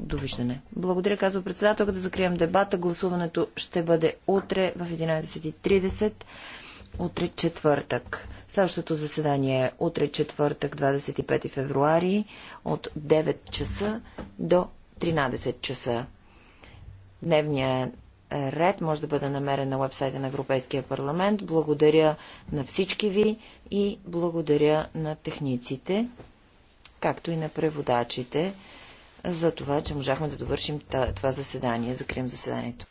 довиждане. Благодаря, казва председател. да закрием дебата. Гласуването ще бъде утре в 11.30, утре четвъртък. Следващото заседание е утре четвъртък, 25 февруари, от 9 часа до 13 часа. Дневният ред може да бъде намерен на вебсайта на Европейския парламент. Благодаря на всички ви и благодаря на техниците, както и на преводачите за това, че можахме да довършим това заседание. Закрием заседанието.